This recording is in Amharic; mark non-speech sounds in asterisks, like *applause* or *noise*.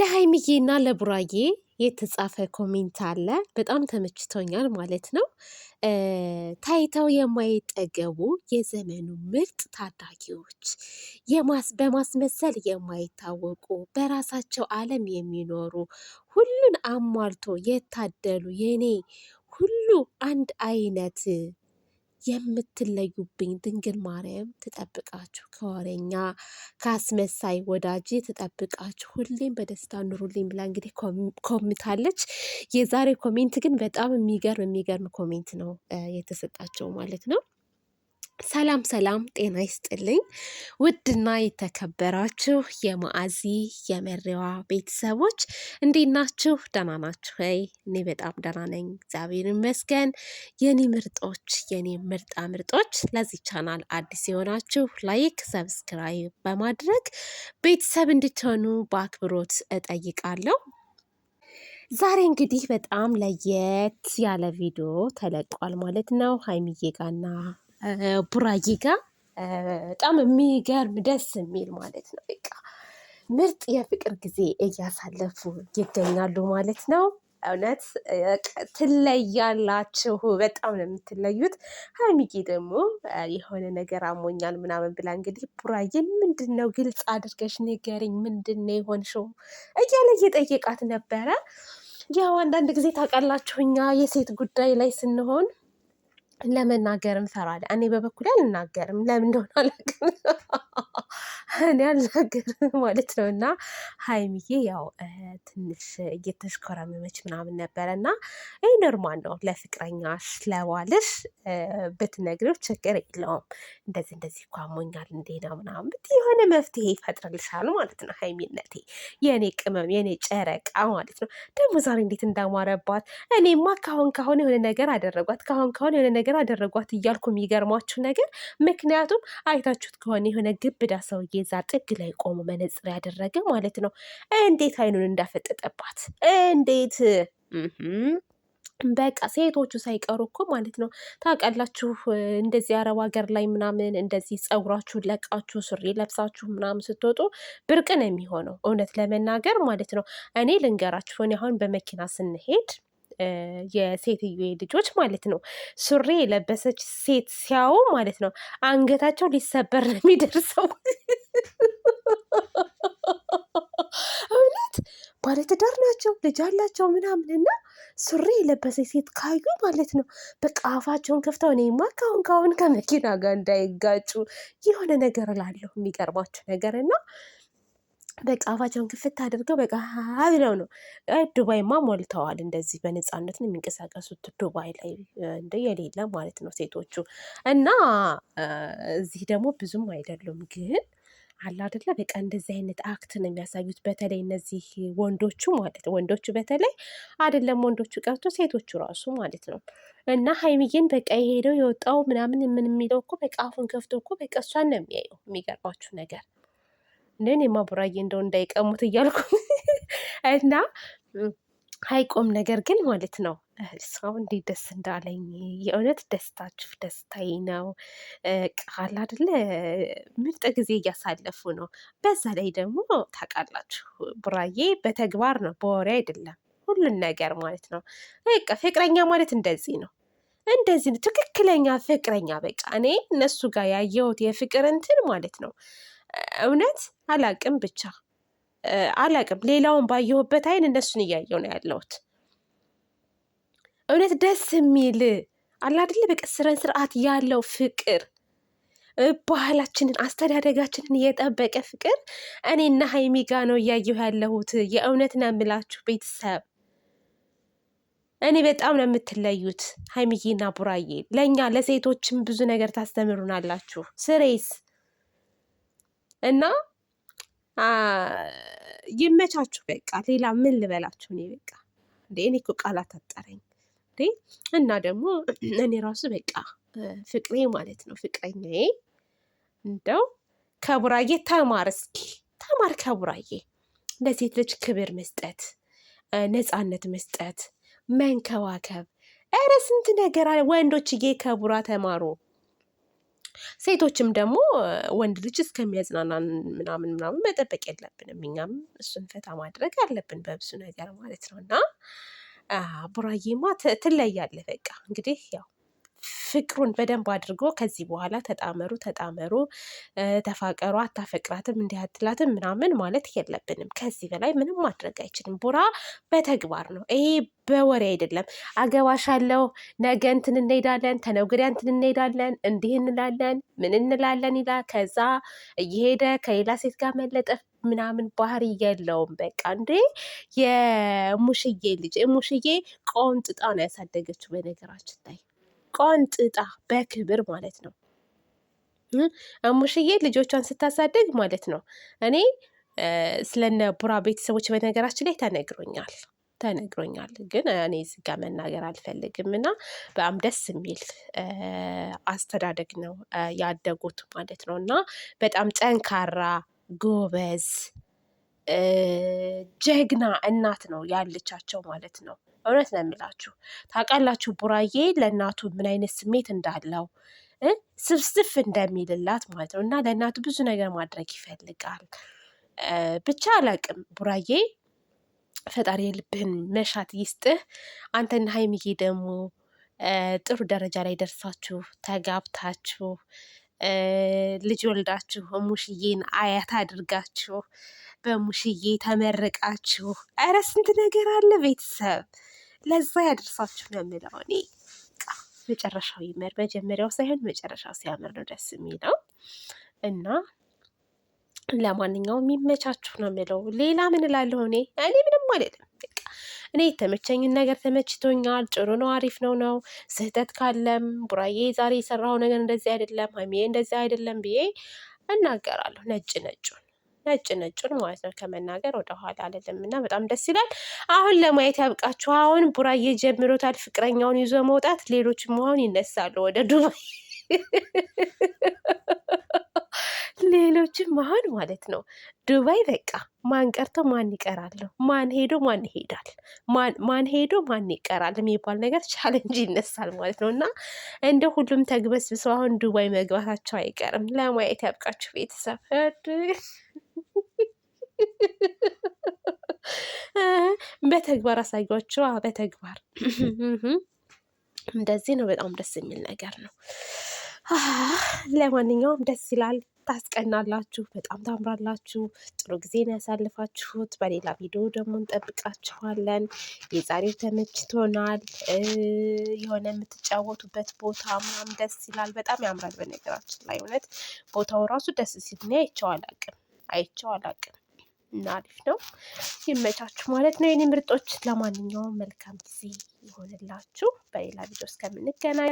ለሀይሚዬና ለቡራዬ የተጻፈ ኮሜንት አለ። በጣም ተመችቶኛል ማለት ነው። ታይተው የማይጠገቡ የዘመኑ ምርጥ ታዳጊዎች፣ በማስመሰል የማይታወቁ በራሳቸው ዓለም የሚኖሩ ሁሉን አሟልቶ የታደሉ የኔ ሁሉ አንድ አይነት የምትለዩብኝ ድንግል ማርያም ትጠብቃችሁ፣ ከወሬኛ ከአስመሳይ ወዳጅ ትጠብቃችሁ፣ ሁሌም በደስታ ኑሩልኝ ብላ እንግዲህ ኮምታለች። የዛሬ ኮሜንት ግን በጣም የሚገርም የሚገርም ኮሜንት ነው የተሰጣቸው ማለት ነው። ሰላም ሰላም፣ ጤና ይስጥልኝ ውድና የተከበራችሁ የማዓዚ የመሪዋ ቤተሰቦች እንዴት ናችሁ? ደህና ናችሁ ወይ? እኔ በጣም ደህና ነኝ፣ እግዚአብሔር ይመስገን። የኔ ምርጦች፣ የኔ ምርጣ ምርጦች፣ ለዚህ ቻናል አዲስ የሆናችሁ ላይክ፣ ሰብስክራይብ በማድረግ ቤተሰብ እንድትሆኑ በአክብሮት እጠይቃለሁ። ዛሬ እንግዲህ በጣም ለየት ያለ ቪዲዮ ተለቋል ማለት ነው። ሀይሚዬ ጋና ቡራጌ ጋር በጣም የሚገርም ደስ የሚል ማለት ነው በቃ ምርጥ የፍቅር ጊዜ እያሳለፉ ይገኛሉ ማለት ነው። እውነት ትለያላችሁ፣ በጣም ነው የምትለዩት። ሀይሚጌ ደግሞ የሆነ ነገር አሞኛል ምናምን ብላ እንግዲህ ቡራዬን ምንድን ነው ግልጽ አድርገሽ ንገሪኝ፣ ምንድን ነው የሆንሽው እያለ እየጠየቃት ነበረ። ያው አንዳንድ ጊዜ ታውቃላችሁ እኛ የሴት ጉዳይ ላይ ስንሆን ለመናገር እንፈራለን። እኔ በበኩሌ አልናገርም፣ ለምን እንደሆነ አላውቅም። *laughs* እኔ አልናገርም ማለት ነው። እና ሀይሚዬ ያው ትንሽ እየተሽኮረመመች ምናምን ነበረ እና ይህ ኖርማል ነው። ለፍቅረኛሽ ለባልሽ ብትነግሪው ችግር የለውም። እንደዚህ እንደዚህ እኮ አሞኛል እንዴ ነው ምናምን ብትይ የሆነ መፍትሄ ይፈጥርልሻል ማለት ነው። ሀይሚነቴ የእኔ ቅመም የእኔ ጨረቃ ማለት ነው። ደግሞ ዛሬ እንዴት እንዳማረባት እኔማ፣ ካሁን ካሁን የሆነ ነገር አደረጓት፣ ካሁን ካሁን የሆነ ነገር ነገር አደረጓት እያልኩ የሚገርማችሁ ነገር ምክንያቱም አይታችሁት ከሆነ የሆነ ግብዳ ሰውዬ እዛ ጥግ ላይ ቆሞ መነጽር ያደረገ ማለት ነው። እንዴት አይኑን እንዳፈጠጠባት እንዴት በቃ ሴቶቹ ሳይቀሩ እኮ ማለት ነው። ታውቃላችሁ እንደዚህ አረብ ሀገር ላይ ምናምን እንደዚህ ጸጉራችሁን ለቃችሁ ሱሪ ለብሳችሁ ምናምን ስትወጡ ብርቅ ነው የሚሆነው፣ እውነት ለመናገር ማለት ነው። እኔ ልንገራችሁ እኔ አሁን በመኪና ስንሄድ የሴትዮ ልጆች ማለት ነው። ሱሪ የለበሰች ሴት ሲያዩ ማለት ነው አንገታቸው ሊሰበር ነው የሚደርሰው። እውነት ባለትዳር ናቸው፣ ልጅ አላቸው ምናምን እና ሱሪ የለበሰች ሴት ካዩ ማለት ነው በቃ አፋቸውን ከፍተው እኔማ ካሁን ካሁን ከመኪና ጋር እንዳይጋጩ የሆነ ነገር ላለሁ የሚገርማችሁ ነገር እና በቃ አፋቸውን ክፍት አድርገው በቃ ብለው ነው። ዱባይማ ሞልተዋል። እንደዚህ በነፃነት ነው የሚንቀሳቀሱት ዱባይ ላይ እንደ የሌለ ማለት ነው ሴቶቹ። እና እዚህ ደግሞ ብዙም አይደሉም ግን አለ አደለ በቃ እንደዚህ አይነት አክት ነው የሚያሳዩት። በተለይ እነዚህ ወንዶቹ ማለት ወንዶቹ በተለይ አይደለም ወንዶቹ ቀርቶ ሴቶቹ ራሱ ማለት ነው። እና ሀይሚዬን በቃ የሄደው የወጣው ምናምን የምን የሚለው እኮ በቃ አፉን ከፍቶ እኮ በቃ እሷን ነው የሚያየው። የሚገርማችሁ ነገር እኔማ ቡራዬ እንደው እንዳይቀሙት እያልኩ *laughs* እና አይቆም ነገር ግን ማለት ነው ሰው እንዴት ደስ እንዳለኝ የእውነት ደስታችሁ ደስታዬ ነው። ቃል አደለ ምርጥ ጊዜ እያሳለፉ ነው። በዛ ላይ ደግሞ ታውቃላችሁ ቡራዬ በተግባር ነው በወሬ አይደለም ሁሉን ነገር ማለት ነው። በቃ ፍቅረኛ ማለት እንደዚህ ነው እንደዚህ ነው ትክክለኛ ፍቅረኛ። በቃ እኔ እነሱ ጋር ያየሁት የፍቅር እንትን ማለት ነው እውነት አላቅም ብቻ አላቅም። ሌላውን ባየሁበት አይን እነሱን እያየው ነው ያለሁት። እውነት ደስ የሚል አላድል በቃ ስረን ስርዓት ያለው ፍቅር ባህላችንን አስተዳደጋችንን የጠበቀ ፍቅር እኔና ሀይሚ ጋ ነው እያየሁ ያለሁት። የእውነት ነው የምላችሁ ቤተሰብ እኔ በጣም ነው የምትለዩት። ሀይሚዬና ቡራዬ ለእኛ ለሴቶችም ብዙ ነገር ታስተምሩናላችሁ። ስሬስ እና ይመቻችሁ። በቃ ሌላ ምን ልበላችሁ? እኔ በቃ እንዴ እኔ እኮ ቃላት አጠረኝ እንዴ። እና ደግሞ እኔ ራሱ በቃ ፍቅሬ ማለት ነው ፍቅረኛዬ፣ እንደው ከቡራዬ ተማር እስኪ ተማር ከቡራዬ። ለሴት ልጅ ክብር መስጠት፣ ነፃነት መስጠት፣ መንከባከብ፣ ኧረ ስንት ነገር አለ። ወንዶችዬ ከቡራ ተማሩ። ሴቶችም ደግሞ ወንድ ልጅ እስከሚያጽናናን ምናምን ምናምን መጠበቅ የለብንም። እኛም እሱን ፈታ ማድረግ አለብን በብዙ ነገር ማለት ነው እና ቡራዬማ ትለያለህ። በቃ እንግዲህ ያው ፍቅሩን በደንብ አድርጎ ከዚህ በኋላ ተጣመሩ ተጣመሩ ተፋቀሩ አታፈቅራትም እንዲያትላትም ምናምን ማለት የለብንም። ከዚህ በላይ ምንም ማድረግ አይችልም። ቡራ በተግባር ነው ይሄ በወሬ አይደለም። አገባሻለሁ፣ ነገ እንትን እንሄዳለን፣ ተነግሪያ እንትን እንሄዳለን፣ እንዲህ እንላለን፣ ምን እንላለን ይላል። ከዛ እየሄደ ከሌላ ሴት ጋር መለጠፍ ምናምን ባህሪ የለውም። በቃ እንዴ የሙሽዬ ልጅ ሙሽዬ ቆንጥጣ ነው ያሳደገችው በነገራችን ላይ ቆንጥጣ በክብር ማለት ነው። አሙሽዬ ልጆቿን ስታሳደግ ማለት ነው። እኔ ስለነ ቡራ ቤተሰቦች በነገራችን ላይ ተነግሮኛል ተነግሮኛል ግን እኔ ዝጋ መናገር አልፈልግም እና በጣም ደስ የሚል አስተዳደግ ነው ያደጉት ማለት ነው። እና በጣም ጠንካራ ጎበዝ ጀግና እናት ነው ያለቻቸው ማለት ነው። እውነት ነው የሚላችሁ ታውቃላችሁ ቡራዬ ለእናቱ ምን አይነት ስሜት እንዳለው ስፍስፍ እንደሚልላት ማለት ነው። እና ለእናቱ ብዙ ነገር ማድረግ ይፈልጋል። ብቻ አላቅም ቡራዬ ፈጣሪ የልብህን መሻት ይስጥህ። አንተና ሀይሚዬ ደግሞ ጥሩ ደረጃ ላይ ደርሳችሁ ተጋብታችሁ ልጅ ወልዳችሁ ሙሽዬን አያት አድርጋችሁ በሙሽዬ ተመረቃችሁ። እረ ስንት ነገር አለ ቤተሰብ፣ ለዛ ያደርሳችሁ ነው የምለው እኔ። መጨረሻው ይመር፣ መጀመሪያው ሳይሆን መጨረሻው ሲያምር ነው ደስ የሚለው እና ለማንኛውም የሚመቻችሁ ነው የምለው። ሌላ ምን እላለሁ እኔ እኔ ምንም አልልም። እኔ የተመቸኝን ነገር ተመችቶኛል። ጥሩ ነው፣ አሪፍ ነው ነው ስህተት ካለም ቡራዬ ዛሬ የሰራው ነገር እንደዚህ አይደለም፣ ሀይሚዬ እንደዚህ አይደለም ብዬ እናገራለሁ ነጭ ነጩ ነጭ ነጩን ማለት ነው። ከመናገር ወደኋላ አልልም እና በጣም ደስ ይላል። አሁን ለማየት ያብቃችሁ። አሁን ቡራዬ ጀምሮታል ፍቅረኛውን ይዞ መውጣት። ሌሎችም አሁን ይነሳሉ ወደ ዱባይ ሌሎችም አሁን ማለት ነው ዱባይ በቃ ማን ቀርቶ ማን ይቀራለሁ፣ ማን ሄዶ ማን ይሄዳል፣ ማን ሄዶ ማን ይቀራል የሚባል ነገር ቻለንጅ ይነሳል ማለት ነው እና እንደ ሁሉም ተግበስብሰው አሁን ዱባይ መግባታቸው አይቀርም። ለማየት ያብቃችሁ ቤተሰብ። በተግባር አሳያቸው። በተግባር እንደዚህ ነው። በጣም ደስ የሚል ነገር ነው። ለማንኛውም ደስ ይላል። ታስቀናላችሁ፣ በጣም ታምራላችሁ። ጥሩ ጊዜ ነው ያሳልፋችሁት። በሌላ ቪዲዮ ደግሞ እንጠብቃችኋለን። የዛሬው ተመችቶናል። የሆነ የምትጫወቱበት ቦታ ምናምን ደስ ይላል። በጣም ያምራል። በነገራችን ላይ እውነት ቦታው ራሱ ደስ ሲል እኔ አይቼው አላቅም፣ አይቼው አላቅም። እና አሪፍ ነው። ይመቻችሁ ማለት ነው የኔ ምርጦች። ለማንኛውም መልካም ጊዜ ይሆንላችሁ። በሌላ ቪዲዮ እስከምንገናኝ